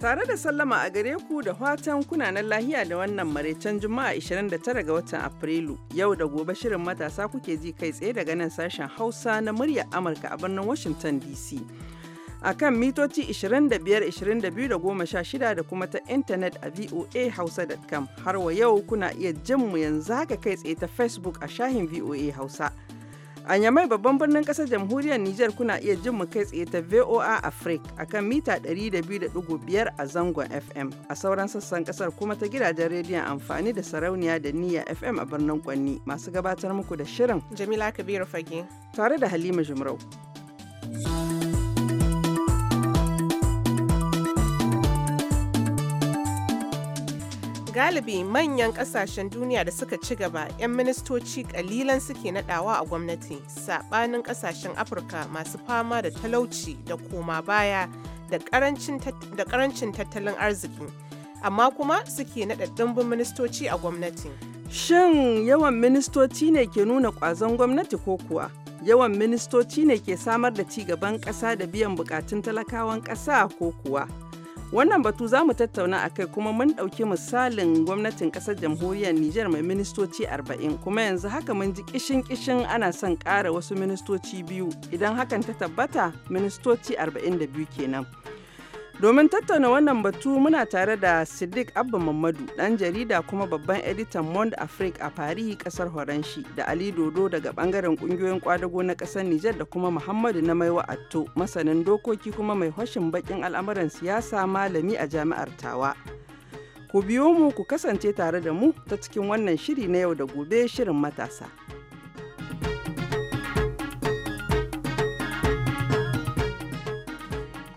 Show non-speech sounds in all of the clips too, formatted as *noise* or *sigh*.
Tare da sallama a gare ku da fatan kunanan lahiya da wannan maraicen Juma'a 29 ga watan Afrilu. Yau da gobe shirin matasa kuke ji kai tsaye daga nan sashen Hausa na muryar Amurka a birnin Washington DC. A kan mitoci 25, 22 da da kuma ta intanet a voa hausa.com har wa yau kuna iya jin mu yanzu haka kai tsaye ta Facebook a shahin VOA Hausa. A Yamai babban birnin ƙasar jamhuriyar Nijar kuna iya jin mu kai tsaye ta VOA Africa akan mita 102.5 a zangon FM. A sauran sassan ƙasar kuma ta gidajen rediyon amfani da sarauniya da niyya FM a birnin Kwanni masu gabatar muku da shirin. Jamila Kabiru Fage. Tare da Halima Jumrau. galibi manyan kasashen duniya da suka ci gaba 'yan ministoci kalilan suke nadawa a gwamnati sabanin kasashen afirka masu fama da talauci da koma baya da karancin tattalin arziki amma kuma suke nada dimbin ministoci a gwamnati shin yawan ministoci ne ke nuna kwazon gwamnati ko kuwa yawan ministoci ne ke samar da ci gaban kasa da biyan bukatun talakawan kasa ko kuwa Wannan batu za mu tattauna a kai kuma mun ɗauki misalin gwamnatin ƙasar jamhuriyar Nijar mai ministoci 40 kuma yanzu haka mun ji kishin-kishin ana son ƙara wasu ministoci biyu idan hakan ta tabbata ministoci 42 kenan. Domin tattauna wannan batu muna tare da Siddiq Abba Mamadu, ɗan jarida kuma babban editan Monde Afrique a Paris ƙasar Horanshi, da Ali Dodo daga ɓangaren ƙungiyoyin kwadago na ƙasar Nijar da kuma Muhammadu na Maiwa Atto, masanin dokoki kuma mai hoshin bakin al'amuran siyasa malami a jami'ar Tawa. Ku biyo mu ku kasance tare da mu ta cikin wannan shiri na yau da gobe shirin matasa.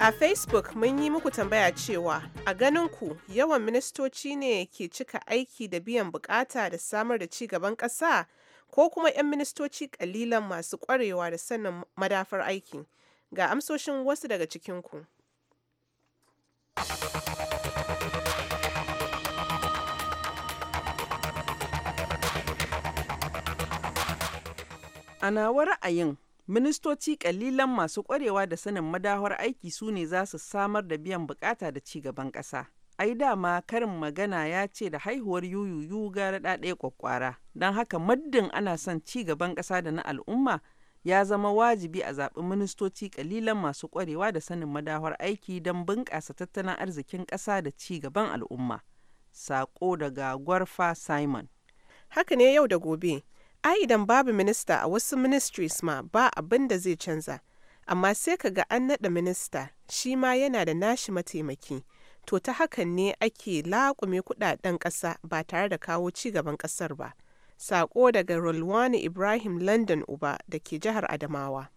A Facebook mun yi muku tambaya cewa a ganin ku yawan ministoci ne ke cika aiki da biyan bukata da samar da ci gaban ƙasa ko kuma 'yan ministoci ƙalilan masu ƙwarewa da sanin madafar aiki. Ga amsoshin wasu daga cikinku. A nawa ra'ayin Ministoci kalilan masu ƙwarewa da sanin madahar aiki su ne za su samar da biyan bukata da ci gaban ƙasa. ai dama karin magana ya ce da haihuwar yuyuyu gara ɗaya kwakwara don haka maddin ana son ci gaban ƙasa da na al'umma ya zama wajibi a zaɓi ministoci ƙalilan masu ƙwarewa da sanin madahar aiki don bunƙasa tattalin arzikin ƙasa da ci gaban al'umma. Sako daga Gwarfa Simon. Haka ne yau da gobe, Ai idan babu minista a wasu ministries ma ba abin da zai canza, amma sai ka ga an naɗa minista shi ma yana da nashi mataimaki, to ta hakan ne ake laƙume kuɗaɗen ƙasa ba tare da kawo ci gaban ƙasar ba. Sako daga Rolwani Ibrahim London Uba da ke jihar Adamawa.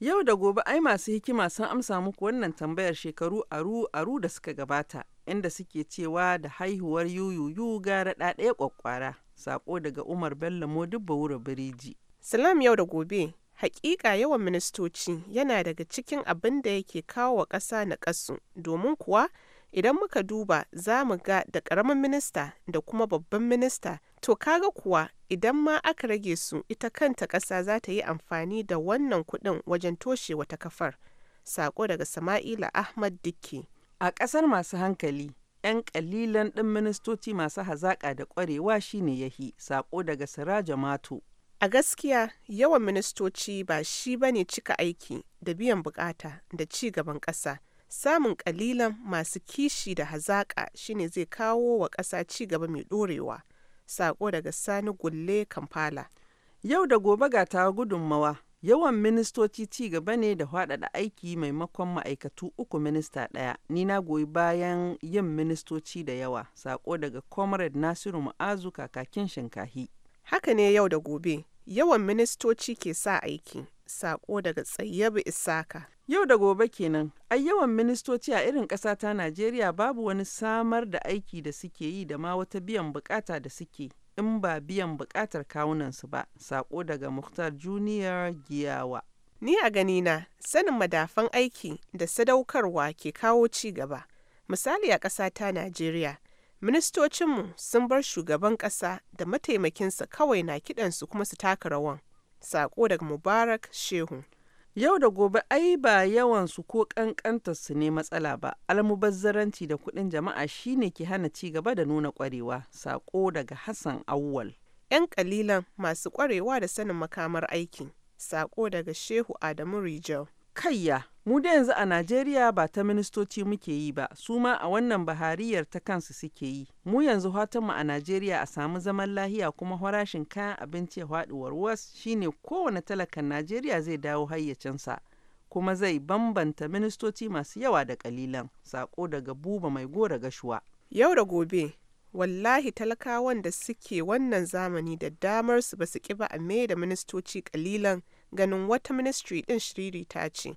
Yau da gobe ai masu hikima sun amsa muku wannan tambayar shekaru aru aru da suka gabata, inda suke cewa da haihuwar yuyuyu gara ɗaya ƙwaƙƙwara. Sako daga Umar Bello Modibba Wura Biriji. Salam yau da gobe. Hakika yawan ministoci yana daga cikin abin da yake kawo wa ƙasa na ƙasu domin kuwa idan muka duba za mu ga da ƙaramin minista da kuma babban minista to kaga kuwa idan ma aka rage su ita kanta ƙasa za ta yi amfani da wannan kuɗin wajen toshe wata kafar sako daga sama'ila ahmad dikki a ƙasar masu hankali 'yan kalilan ɗin ministoci masu hazaƙa da ƙwarewa shine yahi saƙo daga siraja mato a gaskiya yawan ministoci ba shi ba ne cika aiki da biyan bukata da ci gaban ƙasa samun kalilan masu kishi da hazaƙa shine zai kawo wa ƙasa ci gaba mai ɗorewa saƙo daga sani gulle kampala yau da gobe ga ta gudunmawa Yawan ministoci ci gaba ne da faɗaɗa aiki maimakon ma'aikatu uku minista ɗaya. Ni na goyi bayan yin ministoci da yawa. Sako daga Comrade Nasiru Ma'azu kakakin Shinkahi. Haka ne yau da gobe. Yawan ministoci ke sa aiki. Sako daga Tsayyabu Isaka. Yau da gobe kenan, ai yawan ministoci a irin ƙasa ta Najeriya babu wani samar da aiki da suke yi da ma wata biyan bukata da suke. in ba biyan bukatar kawunansu ba sako daga Muktar Junior Giyawa. Ni a ganina sanin madafan aiki da sadaukarwa ke kawo ci gaba. Misali a ƙasa ta Najeriya, ministocinmu sun bar shugaban ƙasa da mataimakinsa kawai na kiɗansu kuma su taka rawan. saƙo daga Mubarak Shehu. Yau da gobe ai ba yawan su ko su ne matsala ba, almubazzaranci da kuɗin jama'a shine ke hana ci gaba da nuna ƙwarewa, saƙo daga Hassan Awwal. 'Yan ƙalilan masu ƙwarewa da sanin makamar aiki, saƙo daga Shehu Adamu Rijal. Kayya, mu da yanzu a Najeriya ba ta ministoci muke yi ba, su ma a wannan bahariyar ta kansu suke yi. Mu yanzu mu a Najeriya a samu zaman lahiya kuma farashin kayan abinci ya faɗi warwas shine kowane talakan Najeriya zai dawo hayyacinsa. Kuma zai bambanta ministoci masu yawa da kalilan, sako daga buba mai gora gashuwa. Yau da gobe, wallahi talakawan da suke wannan zamani da damar su ba su ƙi ba a da ministoci kalilan ganin wata ministry ɗin shiriri ta ce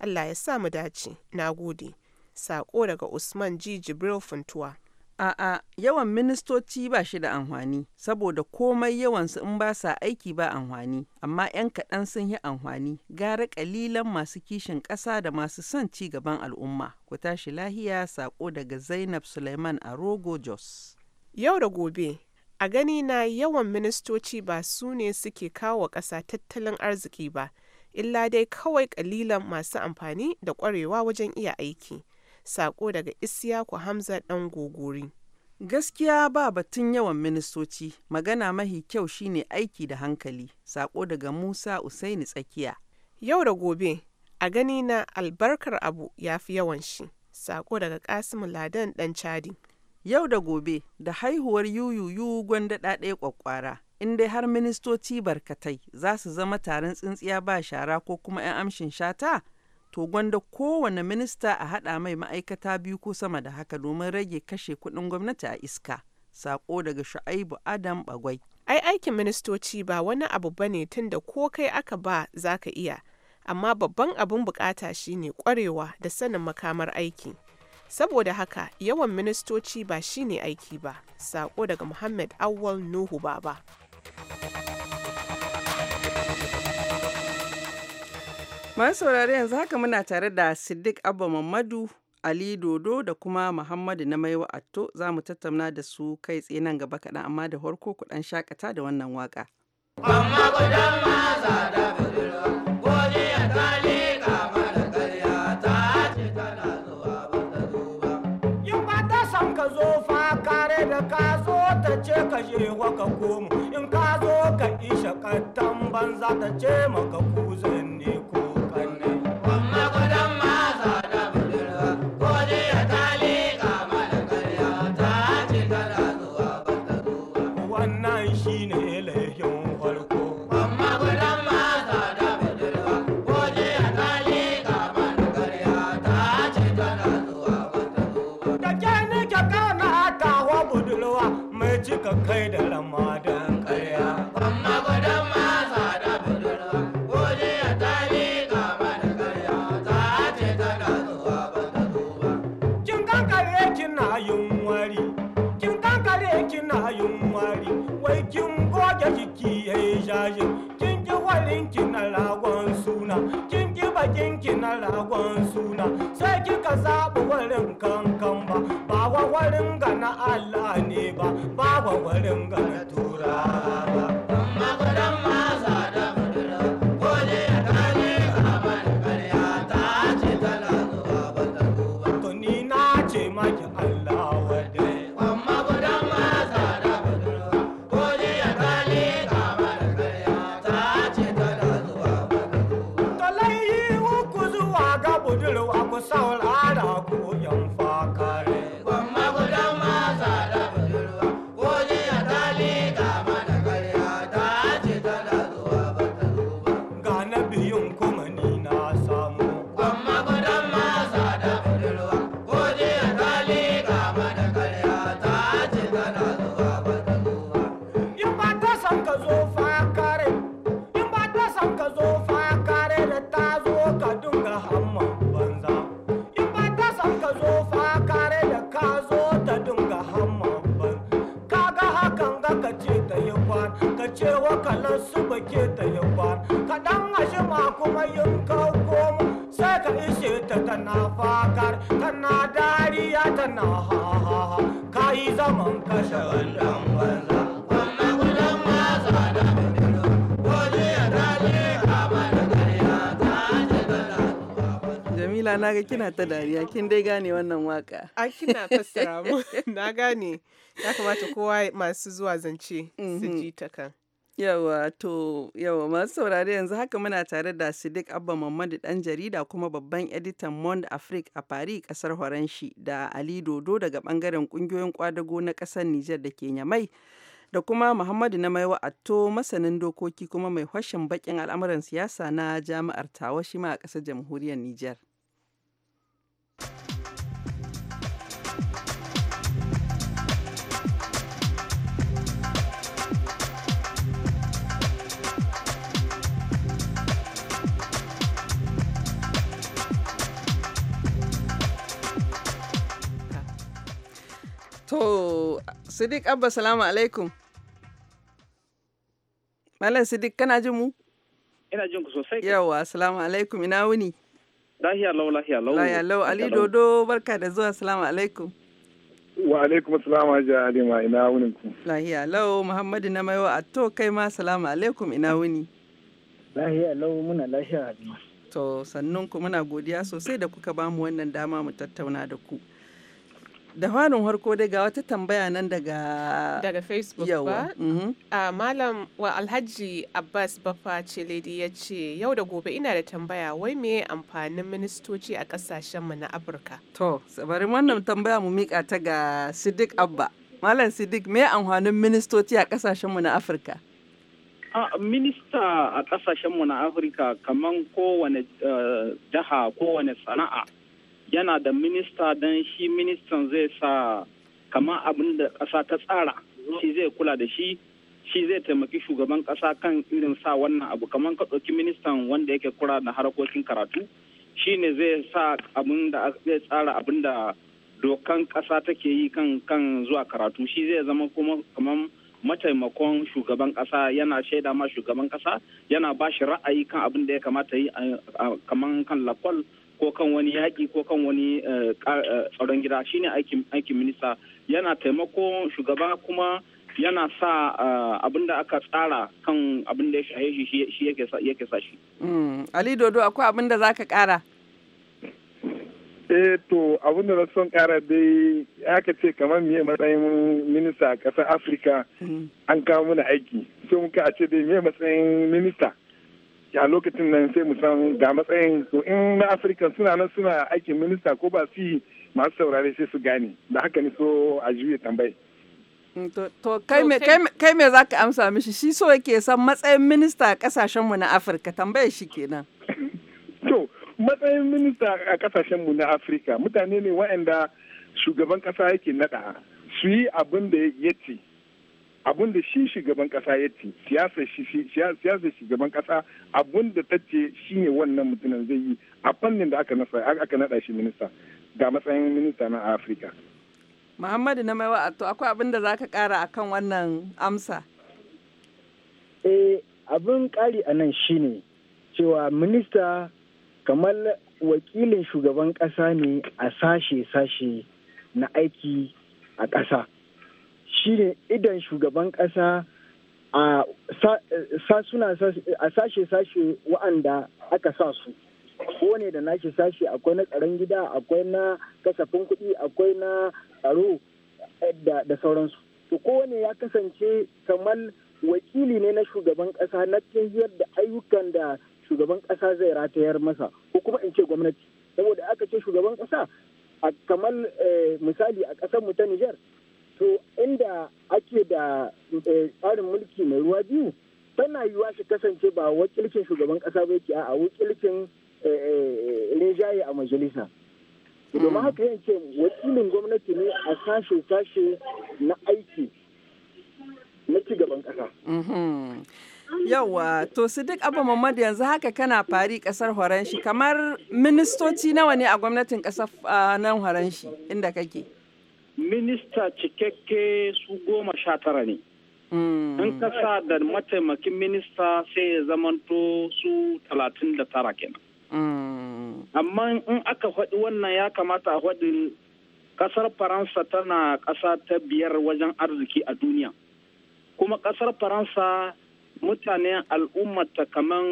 allah ya sa mu dace na gode sako daga usman ji jibril funtuwa A'a, yawan ministoci ba shi da amfani, saboda komai yawansu in ba sa aiki ba amfani, amma 'yan kaɗan sun yi amfani, gara ƙalilan masu kishin ƙasa da masu son ci gaban al'umma. Ku tashi lahiya sako daga Zainab Suleiman a Rogo Jos. Yau da gobe, A gani na yawan ministoci ba su ne suke kawo wa ƙasa tattalin arziki ba, illa dai kawai ƙalilan masu amfani da ƙwarewa wajen iya aiki. Sako daga Isiyaku Hamza ɗan gogori. Gaskiya ba batun yawan ministoci, magana mahi kyau shine aiki da hankali. Sako daga Musa Usaini tsakiya. Yau da gobe, a gani na albarkar abu ya fi yawan shi. Sako daga Kasimu Ladan ɗan Chadi. Yau da gobe da haihuwar yuyuyu gwanda ɗaɗaya ƙwaƙƙwara, in dai har ministoci barkatai za su zama taron tsintsiya ba shara ko kuma 'yan amshin shata, to gwanda kowane minista a haɗa mai ma'aikata biyu ko sama da haka domin rage kashe kuɗin gwamnati a iska. Sako daga Shu'aibu Adam Bagwai. Ai aikin ministoci ba wani abu bane tun da ko kai aka ba za ka iya, amma babban abin bukata shine ƙwarewa da sanin makamar aiki. Saboda haka yawan ministoci ba shine aiki ba, sako daga Muhammad Awwal Nuhu Baba. Masu saurari yanzu haka muna tare da Siddiq Abba Mamadu Ali Dodo da kuma Muhammadu na Maiwa Atto za mu tattauna da su kai tsaye nan gaba kaɗan amma da harko kuɗan shakata da wannan waka. Amma ma za da ce ka je wa ka komo in ka zo ka isha kattan banza ta ce maka kuzin da jiki ya yi kin ki warin ki na suna kin ki bakin ki na ragon suna sai kika zaɓi warin kankan ba ba wa warin gana Allah ne ba ba wa warin gana. zaman kashe wannan banza Jamila na ga kina ta dariya kin dai gane wannan waka. A kina fassara mu *laughs* na gane ya kamata kowa masu zuwa zance su mm-hmm. ji ta kan. Yawa to yawa masu saurari yanzu haka muna tare da Sidik Abba Mamadu ɗan jarida kuma babban editan Monde Afrique a Paris ƙasar Horanshi da Ali Dodo daga bangaren ƙungiyoyin kwadago na ƙasar Nijar da ke Nyamai da kuma Muhammadu na Maiwa Atto masanin dokoki kuma mai hwashin bakin al'amuran siyasa na jami'ar Tawa shi a ƙasar jamhuriyar Nijar. To, Sidik Abba, salamu alaikum. Malam Siddiq, kana jin mu? Ina jin ku sosai. Yawa, salamu alaikum, ina wuni? Lahiya lau, lahiya lau. Lahiya lau, Ali Dodo, barka da zuwa, salamu alaikum. Wa alaikum salam hajiya Halima, ina wunin ku? Lahiya lau, Muhammadu na maiwa, a to kai ma, salamu alaikum, ina wuni? Lahiya lau, muna lahiya Halima. To, sannun ku muna godiya sosai da kuka bamu wannan dama mu tattauna da ku. da hannun harko dai ga wata tambaya nan daga daga facebook ba mhm. a malam wa alhaji abbas bafa ce lady ya ce yau da gobe ina da tambaya wai me amfanin ministoci a kasashenmu na afirka to sabarin wannan tambaya mu mika ta ga siddiq abba malam siddiq me amfanin ministoci a kasashenmu na afirka a minista a kasashenmu na afirka kaman kowane eh, jiha kowane sana'a yana da minista don shi ministan zai sa kama abin da ƙasa ta tsara shi zai kula da shi shi zai taimaki shugaban ƙasa kan irin sa wannan abu kamar ka ɗauki ministan wanda yake kura da harkokin karatu shi ne zai sa abin da zai tsara abin da dokan ƙasa take yi kan kan zuwa karatu shi zai zama kuma kamar mataimakon shugaban ƙasa yana shaida ma shugaban ƙasa yana ba shi ra'ayi kan abin da ya kamata yi kamar kan lakwal ko kan wani yaƙi ko kan wani eh, eh, tsaron gida shine aikin minista yana taimako shugaba kuma yana sa eh, abin da aka tsara kan abin da ya shahe shi shi yake sa shi. Mm. Ali Dodo akwai abin da za ka ƙara? eh to abin da na son kara dai aka ce kamar miye matsayin minista a ƙasar afirka mm. an kawo mana aiki sai muka a ce dai miye matsayin minista a lokacin nan sai mu san ga matsayin su in na afirka suna nan suna aikin minista ko ba su yi masu saurare sai su gane da haka ne so a juya tambayi mm, to kai me za ka amsa mishi shi so yake san matsayin minista a kasashen mu na afirka tambayar shi kenan *laughs* to matsayin minista a kasashen mu na afirka mutane ne waɗanda shugaban ƙasa yake naɗa su yi abin da ya ce abun da shi shugaban kasa ya ce siyasar shugaban kasa abun da ta ce shi ne wannan mutumin zai yi a fannin da aka naɗa shi minista ga matsayin minista na afirka muhammadu na maiwa to akwai abin da za ka kara a kan wannan amsa eh abin kari a nan shi ne cewa minista kamar wakilin shugaban kasa ne a sashe-sashe na aiki a ƙasa shine idan shugaban ƙasa a sashe-sashe wa'anda aka sa su ko ne da nashi sashe akwai na tsaron gida akwai na kasafin kuɗi akwai na tsaro eh, da sauransu to kowane ya kasance kamar wakili ne na shugaban ƙasa na tafiyar da ayyukan da shugaban ƙasa zai ratayar masa ko kuma in ce gwamnati saboda aka ce shugaban ƙasa kamar eh, misali a ƙasar mu ta Nijar to inda ake da eh, tsarin mulki mai ruwa biyu tana yiwuwa shi kasance ba wakilcin shugaban kasa ba yake a wakilcin eh, eh, rejaye a majalisa hmm. domin haka yin wakilin gwamnati ne a sashe-sashe na aiki na gaban kasa mm-hmm. yawwa to su duk abu mamadu yanzu haka kana fari kasar horanshi kamar ministoci nawa ne a gwamnatin kasar ah, nan horanshi inda kake minista cikakke su goma sha tara ne hmm. in sa da mataimakin minista sai ya zamanto su talatin da tara kenan hmm. amma in aka faɗi wannan ya kamata a faɗi kasar faransa tana ƙasa ta biyar wajen arziki a duniya kuma ƙasar faransa mutane al'ummata kamar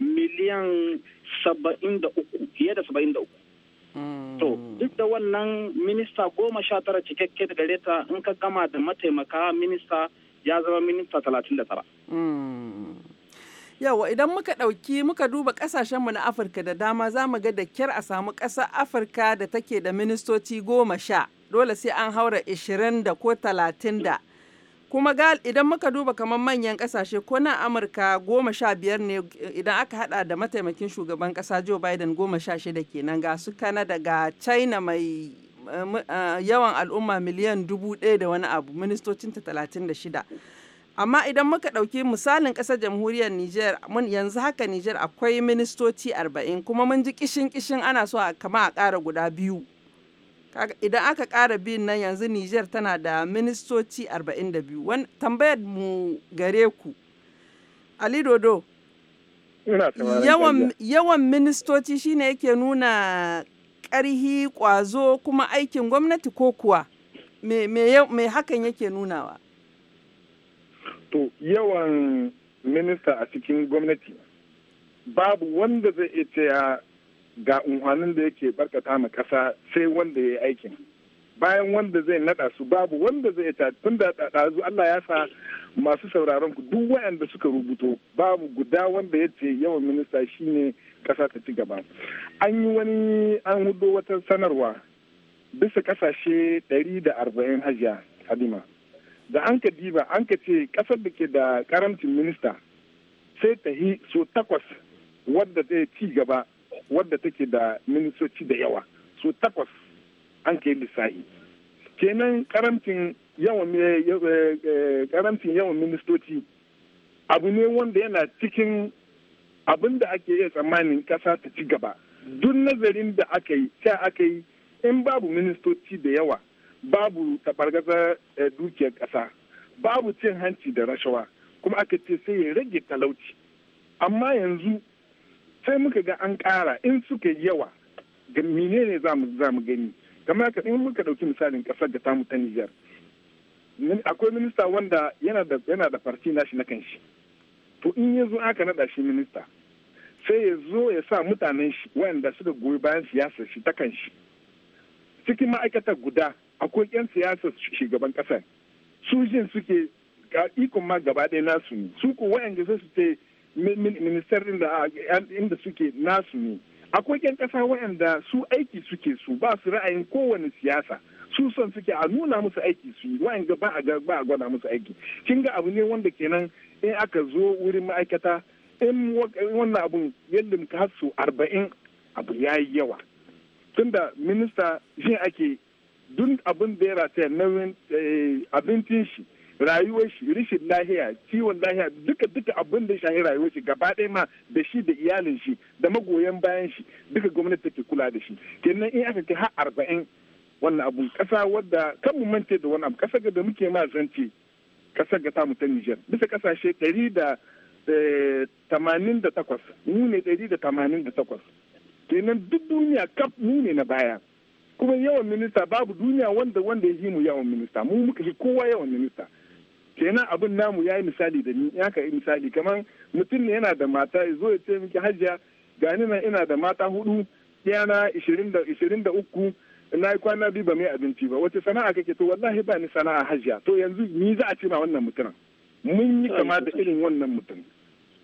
miliyan saba'in da uku fiye da saba'in da uku Mm. To, duk da wannan minista goma sha tara cikakke da gare ta in ka gama da mataimaka minista ya zama minista talatin da tara. Mm. Yawa idan muka ɗauki muka duba ƙasashenmu na Afirka da dama za mu ga da kyar a samu ƙasar Afirka da take da ministoci goma sha. Dole sai an haura ishirin da ko talatin da kuma gal idan muka duba kamar manyan kasashe ko na amurka goma sha biyar ne idan aka hada da mataimakin shugaban kasa joe biden goma sha shida kenan ga su kanada ga china mai eh, eh, yawan al'umma miliyan dubu ɗaya da wani abu ministocinta talatin da shida amma idan muka ɗauki misalin ƙasar jamhuriyar niger mun yanzu haka niger akwai ministoci arba'in kuma mun ji kishin kishin ana so a kama a ƙara guda biyu idan aka ƙara biyun nan yanzu Nijar tana da ministoci 42 tambayar mu gare ku Ali Dodo yawan, yawan ministoci shine yake nuna ƙarhi ƙwazo kuma aikin gwamnati ko kuwa me, hakan yake nunawa to yawan minista a cikin gwamnati babu wanda zai iya cewa ga unhwanin da yake barkata ma kasa sai wanda ya yi aikin bayan wanda zai naɗa su babu wanda zai ta tun da ɗazu Allah ya sa masu sauraron ku duk waɗanda suka rubuto babu guda wanda ya ce yawan minista shine kasa ta ci gaba an yi wani an hudo wata sanarwa bisa kasashe ɗari da arba'in hajiya hadima da an ka diba an ka ce ƙasar da ke da karamcin minista sai ta yi so takwas wadda zai ci gaba wadda take da ministoci da yawa su takwas an ke lissahi kenan eh, eh, eh, karamcin yawan ministoci abu ne wanda yana cikin abin da ake yi tsammanin kasa ta ci gaba duk nazarin da aka yi sai aka yi in babu ministoci da yawa babu tabargaza dukiyar kasa babu cin hanci da rashawa kuma aka ce sai ya rage talauci amma yanzu sai muka ga an ƙara in suka yawa ga menene za mu gani kamar haka in muka ɗauki misalin ƙasar da tamu ta Nijar akwai minista wanda yana da yana da farti nashi na kanshi to in ya aka naɗa shi minista sai ya zo ya sa mutanen shi wanda suka goyi bayan siyasar shi ta kanshi cikin ma'aikata guda akwai 'yan siyasar shugaban ƙasar su jin suke ikon ma gaba ɗaya nasu ne su ko wa'anda su ce ministerin da ah, inda suke nasu ne akwai yan kasa waɗanda su aiki suke su ba su ra'ayin kowane siyasa su son suke a nuna musu aiki su yi wa'in ba a gwada musu aiki kin ga abu ne wanda kenan in aka zo wurin ma'aikata in wannan abun yadda muka arba'in abu ya yi yawa tunda minista shi ake dun abin da ya rataya nauyin eh, abincin shi rayuwar shi rishin lahiya ciwon lahiya duka duka abin da shahi rayuwar shi gaba ɗaya ma da shi da iyalin shi da magoyan bayan shi duka gwamnati take kula da shi kenan in aka kai har arba'in wannan abun kasa wadda kan mu mance da wani abu ƙasa da muke ma zance kasa ga tamu ta Nijar bisa ƙasashe ɗari da tamanin da takwas mu ne ɗari da tamanin da takwas kenan duk duniya kaf mu ne na baya kuma yawan minista babu duniya wanda wanda ya yi mu yawan minista mu muka shi kowa yawan minista kenan abin namu ya yi misali da ni ya ka yi misali kamar mutum ne yana da mata ya zo ya ce miki hajiya gani nan ina da mata hudu na ishirin da uku na yi kwana biyu ba mai abinci ba wace sana'a kake to wallahi ba ni sana'a hajiya to yanzu ni za a ce ma wannan mutumin mun yi kama da irin wannan mutum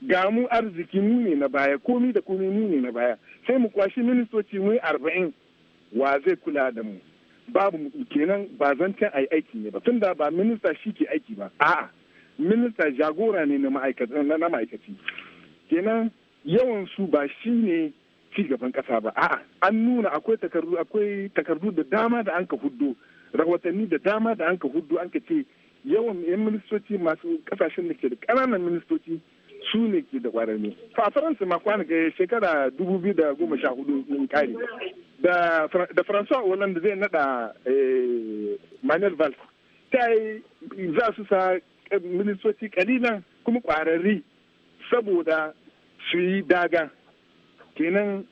ga mu arziki mu ne na baya komi da komi mu ne na baya sai mu kwashi ministoci mu yi arba'in wa zai kula da mu babu kenan ba zancen a yi aiki ne ba tunda ba minista shi ke aiki ba a'a minista jagora ne na ma'aikaci kenan yawan su ba shi ne ci gaban kasa ba a'a an nuna akwai takardu akwai takardu da dama da an huddo rahotanni da dama da an huddo an ce yawan yan ministoci masu kasashen da ke da ƙananan ministoci su ne ke da kwararre to a faransa ma kwanaka eh, shekara dubu biyu da goma sha hudu in kare da faransa Hollande zai nada eh, Manuel Valls ta yi za su sa eh, ministoci kalilan kuma kwararri saboda su yi daga kenan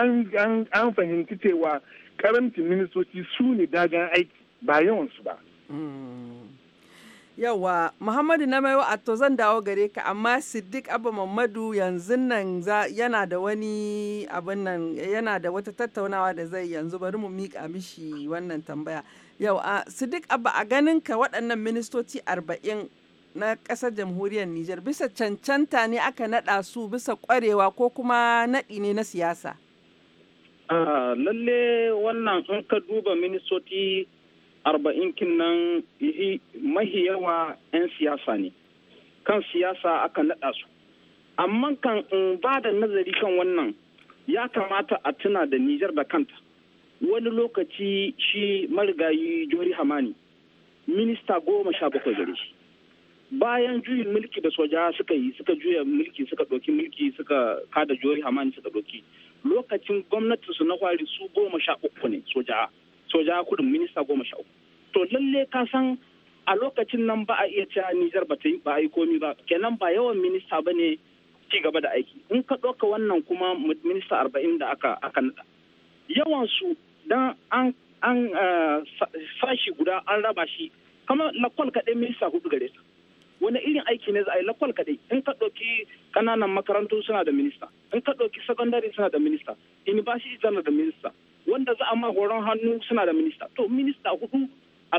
an fahimci cewa karamcin ministoci su ne dagan aiki ba yawansu ba hmm. Yawa, Muhammadu na maiwa ato zan dawo gare ka, amma Siddiq Abba mamadu yanzu nan yana da wani abin nan yana da wata tattaunawa da zai yanzu bari mu miƙa mishi wannan tambaya. Yau, a Siddiq Abba a ganin ka waɗannan ministoci arba'in na ƙasar jamhuriyar Nijar bisa cancanta ne aka naɗa su bisa ƙwarewa ko kuma naɗi ne na siyasa? Ah, lalle wannan ka duba ministoci arba'in kinnan mahi yawa 'yan siyasa ne kan siyasa aka naɗa su amma kan in ba da nazari kan wannan ya kamata a tuna da nijar da kanta wani lokaci shi marigayi jori hamani minista goma sha bakwai gare shi bayan juyin mulki da soja suka yi suka juya mulki suka ɗauki mulki suka kada jori hamani suka ɗauki lokacin gwamnatinsu na kwari su goma sha uku ne soja soja kudin minista goma sha uku to lalle ka san a lokacin nan ba a iya cewa Nijar ba ba a yi komi ba kenan ba yawan minista ba ne ci gaba da aiki in ka ɗauka wannan kuma minista arba'in da aka aka naɗa yawan su dan an an eh, sashi guda an raba shi kama lakwal kaɗai minista hudu gare ta wani irin aiki ne za a yi lakwal kaɗai in ka ɗauki ƙananan makarantu suna da minista in ka ɗauki sakandare suna da minista university tana da minista amma horon hannu suna da minista to minista hudu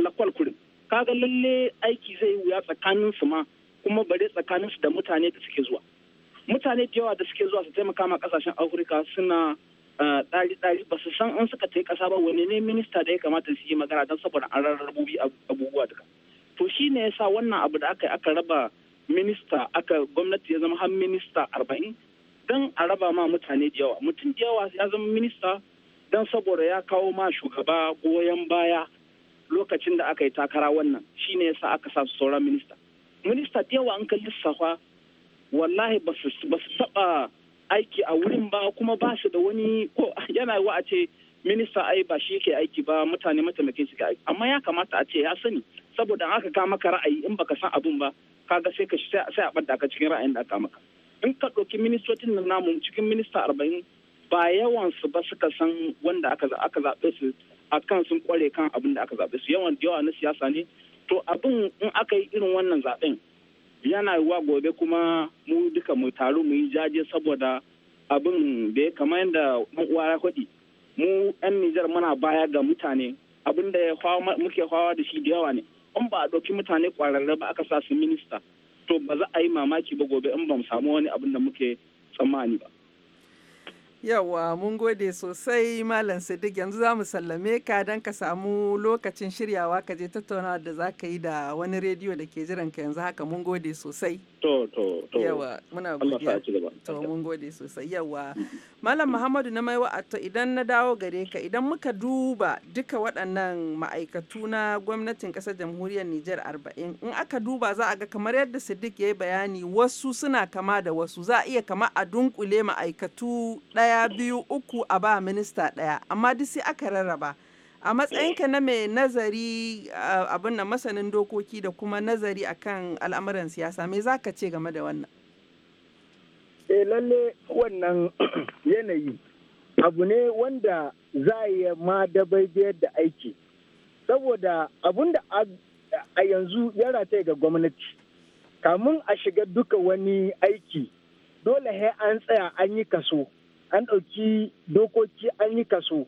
lakwal kurin kaga lalle aiki zai wuya tsakanin su ma kuma bare tsakanin su da mutane da suke zuwa mutane da yawa da suke zuwa su taimaka ma kasashen afirka suna tsari eh, tsari ba su san an suka tai ƙasa ba wani ne minista da ya kamata su yi magana don saboda an rarrabubi abubuwa duka to shi ne yasa wannan abu da aka aka raba minista aka gwamnati ya zama har minista arba'in don a raba ma mutane da yawa mutum da yawa ya zama minista don saboda ya kawo ma shugaba goyon baya lokacin da aka yi takara wannan shine yasa aka sa su sauran minista minista da yawa an kalli lissafa wallahi ba su taba aiki a wurin ba kuma ba su da wani ko *laughs* yana wa a ce minista ai ba shi yake aiki ba mutane mataimakin su aiki amma ya kamata a ce ya sani saboda aka ka maka ra'ayi in baka san abun ba kaga sai ka sai a bada ka cikin ra'ayin da aka maka in ka ɗauki ministocin namu cikin minista arba'in ba yawan su ba suka san wanda aka zaɓe su a kan sun kware kan abin da aka zaɓe su yawan yawa na siyasa ne to abin in aka yi irin wannan zaɓen yana wa gobe kuma mu duka mu taru mu yi jaje saboda abin da ya kama yadda ɗan uwa ya kwaɗi mu 'yan Nijar muna baya ga mutane abin da muke hawa da shi da yawa ne in ba a ɗauki mutane ƙwararre ba aka sa su minista to ba za a yi mamaki ba gobe in ba mu samu wani abin da muke tsammani ba. Yawa mun gode sosai Malam Sadiq yanzu za mu sallame ka don ka samu lokacin shiryawa ka je tattaunawa da za ka yi da wani rediyo da ke jiranka yanzu haka mun gode sosai. To, to, to. Yawa, muna godiya. To, mun gode sosai. Yawa. Malam Muhammadu na maiwa to idan na dawo gare ka idan muka duba duka waɗannan ma'aikatu na gwamnatin ƙasar jamhuriyar Nijar 40 in aka duba za a ga kamar yadda Siddiq ya yi bayani wasu suna kama da wasu za a iya kama a dunkule ma'aikatu ɗaya biyu uku a ba minista ɗaya amma duk sai aka rarraba. a eh. matsayinka na mai nazari ah, abin na masanin dokoki da kuma nazari akan al'amuran siyasa mai za ka ce game da wannan e lalle wannan *clears throat* yanayi abu ne wanda za ya ma dabaibiyar da aiki saboda abun da a yanzu ya rataye ga gwamnati kamun a shiga duka wani aiki dole he an tsaya an yi kaso an ɗauki dokoki an yi kaso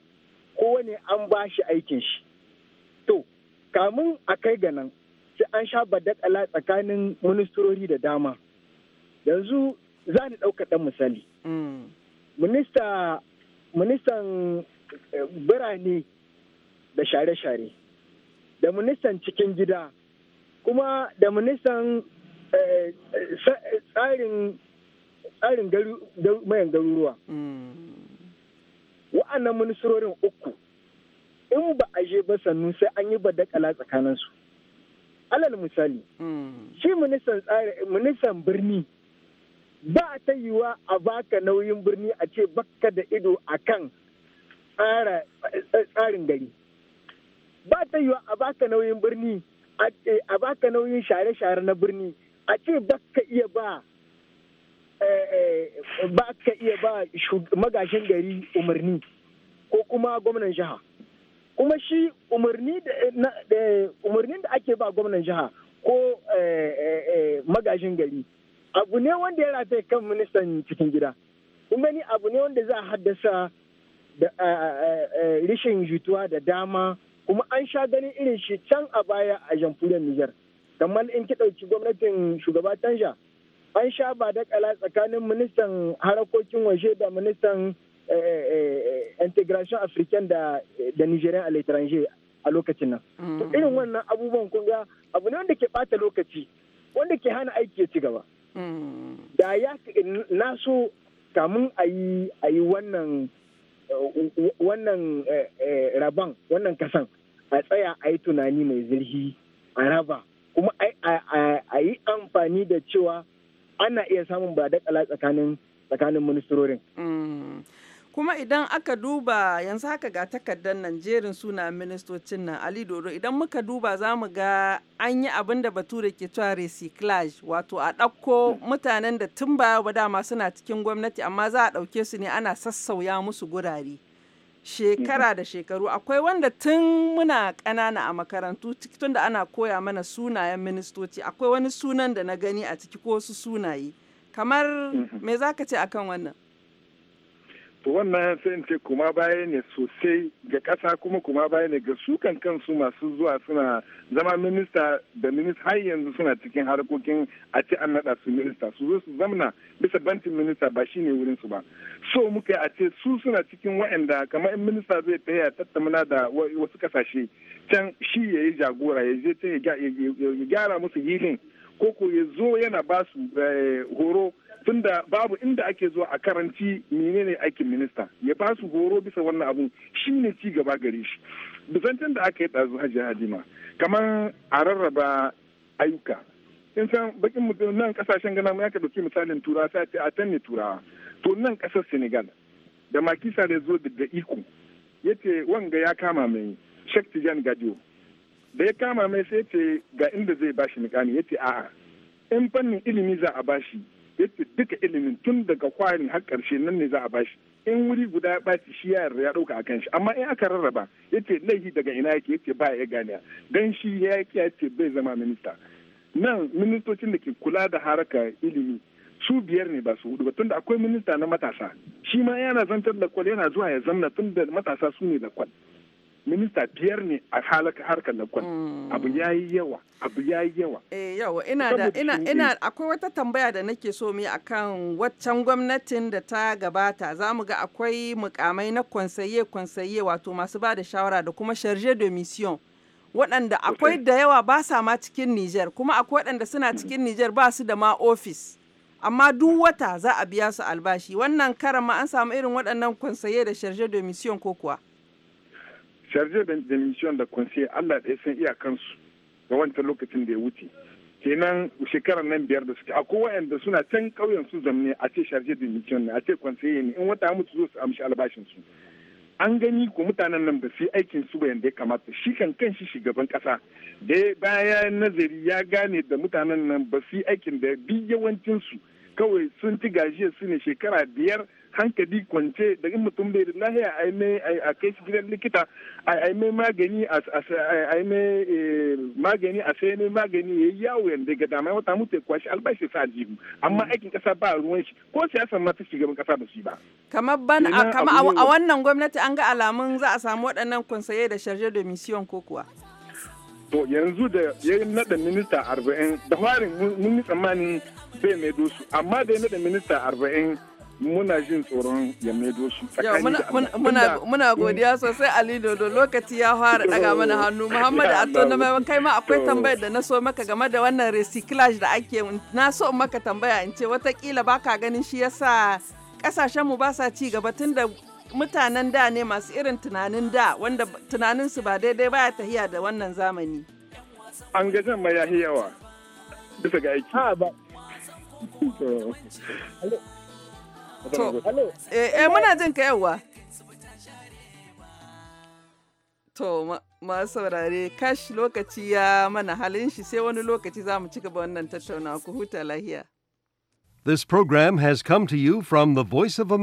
wani an ba shi aikin shi to kamun a kai ga nan sai an sha badakala tsakanin ministrori da dama yanzu za ni ɗauka ɗan misali mm. ministan eh, birane da share-share da ministan cikin gida kuma da ministan eh, eh, tsarin mayan garuruwa mm. wa'annan ministrorin uku in ba a je ba sannu sai an yi badakala tsakanin su alal misali hmm. shi ministan birni ba ta yiwa a baka nauyin birni a ce baka da ido akan eh, tsarin gari ba ta yiwa a baka nauyin birni a baka nauyin share-share na birni a ce baka iya ba Eh, eh, ba ka iya ba magashin gari umarni ko kuma gwamnan jiha kuma shi eh, umarnin da ake ba gwamnan jiha ko magashin gari abu ne wanda ya rataye kan ministan cikin gida kuma ni abu ne wanda za a haddasa da rishin jituwa da dama kuma an sha ganin irin shi can a baya a jamhuriyar Nijar kamar in ki ɗauki gwamnatin shugaba Tanja an sha ba da kala tsakanin ministan harakokin waje da ministan eh, eh, eh, integration african da nigerian a l'étranger a lokacin nan mm. to irin wannan abubuwan kun ga abu ne wanda ke bata lokaci wanda ke hana aiki ya ci gaba mm. da ya na so kamun a yi a yi wannan wannan rabon wannan kasan a tsaya a yi tunani mai zirhi a raba kuma a yi amfani da cewa ana iya samun ba kala tsakanin tsakanin ministrorin. Mm. kuma idan aka duba yanzu haka ga takardar nan jerin suna ministocin nan ali dodo idan muka duba za mu ga an yi abin da bature ke cewa recyclage wato a ɗauko mutanen da tun baya ba dama suna cikin gwamnati amma za a ɗauke su ne ana sassauya musu gurare shekara da shekaru akwai wanda tun muna ƙanana a makarantu tun da ana koya mana sunayen ministoci akwai wani sunan da na gani a ciki ko wasu sunaye kamar mhm. me za ka ce akan wannan to wannan sai in kuma baya ne sosai ga ƙasa kuma kuma baya ne ga su kan kansu masu zuwa suna zama minista da minista har yanzu suna cikin harkokin a ce an naɗa su minista su zo su zamna bisa bantin minista ba shine wurin su ba so muka a ce su suna cikin waɗanda kamar in minista zai taya tattauna da wasu kasashe can shi ya yi jagora ya je ya gyara musu hilin ko ko ya zo yana ba su eh, horo tunda babu inda ake zuwa a karanci menene aikin minista ya ba su horo bisa wannan abun shine ci gaba gare shi bizantin da aka yi ɗazu hajji hadima kamar a rarraba ayyuka in san bakin mutum nan kasashen gana ya ka dauki misalin turawa sai a can ne turawa to nan kasar senegal da makisa da zo daga iko ya ce wanga ya kama mai shek tijan gadio da ya kama mai sai ce ga inda zai bashi nikani ya ce a'a in fannin ilimi za a bashi yace duka ilimin tun daga kwarin har karshe nan ne za a bashi in wuri guda ya ɓaci shi ya yarda ya ɗauka a kan shi amma in aka rarraba yace laifi daga ina yake yace ba ya gane dan shi ya ce bai zama minista nan ministocin da ke kula da haraka ilimi su biyar ne ba su hudu ba tunda akwai minista na matasa shi ma yana zantar da kwal yana zuwa ya zanna tunda matasa su ne da kwal minista biyar ne a harkar lagos mm. abu ya yi yawa abu ya yi yawa eh yawa ina da ina akwai wata tambaya da nake so mu akan waccan gwamnatin da ta gabata za mu ga akwai mukamai na konsaye konsaye wato masu ba da shawara da kuma charge de mission waɗanda akwai da yawa ba sa ma cikin Niger kuma akwai waɗanda suna hmm. cikin Niger ba su da ma ofis amma duk wata za a biya su albashi wannan karama an samu irin waɗannan konsaye da charge de mission ko kuwa charge da mission da kunsiye Allah ɗaya san iyakansu ga wancan lokacin da ya wuce kenan shekarar nan biyar da suke akwai wanda suna can ƙauyen su zamne a ce charge da mission ne a ce kwanse ne in wata mutu zo su amshi albashin su an gani ko mutanen nan ba su yi aikin su ba yadda ya kamata shi kan kan shi shugaban kasa da baya nazari ya gane da mutanen nan ba su yi aikin da bi yawancin su kawai sun ci gajiya su ne shekara biyar hankali kwance da in mutum bai da lahiya a kai shi gidan likita a mai magani a eh, magani a sai ne magani ya yi yawo yadda ga dama wata mutu ya kwashi albashi sa aljihu amma mm. aikin kasa ba ruwan shi ko siyasa ma ta shugaban kasa ba shi ba kamar ban a wannan gwamnati an ga alamun za a samu waɗannan kunsaye da sharje da misiyon ko kuwa to yanzu da ya nada minista arba'in da farin mun yi tsammanin bai mai dosu amma da ya nada minista arba'in muna jin tsoron ya maido shi muna godiya sosai ali dodo lokaci ya fara daga mana hannu *laughs* muhammad ato na mai kai ma akwai tambayar da na so maka game da wannan recyclage da ake na so maka tambaya in ce watakila baka ganin shi yasa kasashen mu ba sa ci gaba tun da mutanen da ne masu irin tunanin da wanda tunanin su ba daidai baya tahiya da wannan zamani an ga zan ma yahi yawa bisa ga aiki *laughs* To, eh, eh muna jin ka yawa. To, masu saurare, kash lokaci ya mana halin shi sai wani lokaci za mu ci gaba wannan tattaunawa ku huta lahiya. This program has come to you from the Voice of America.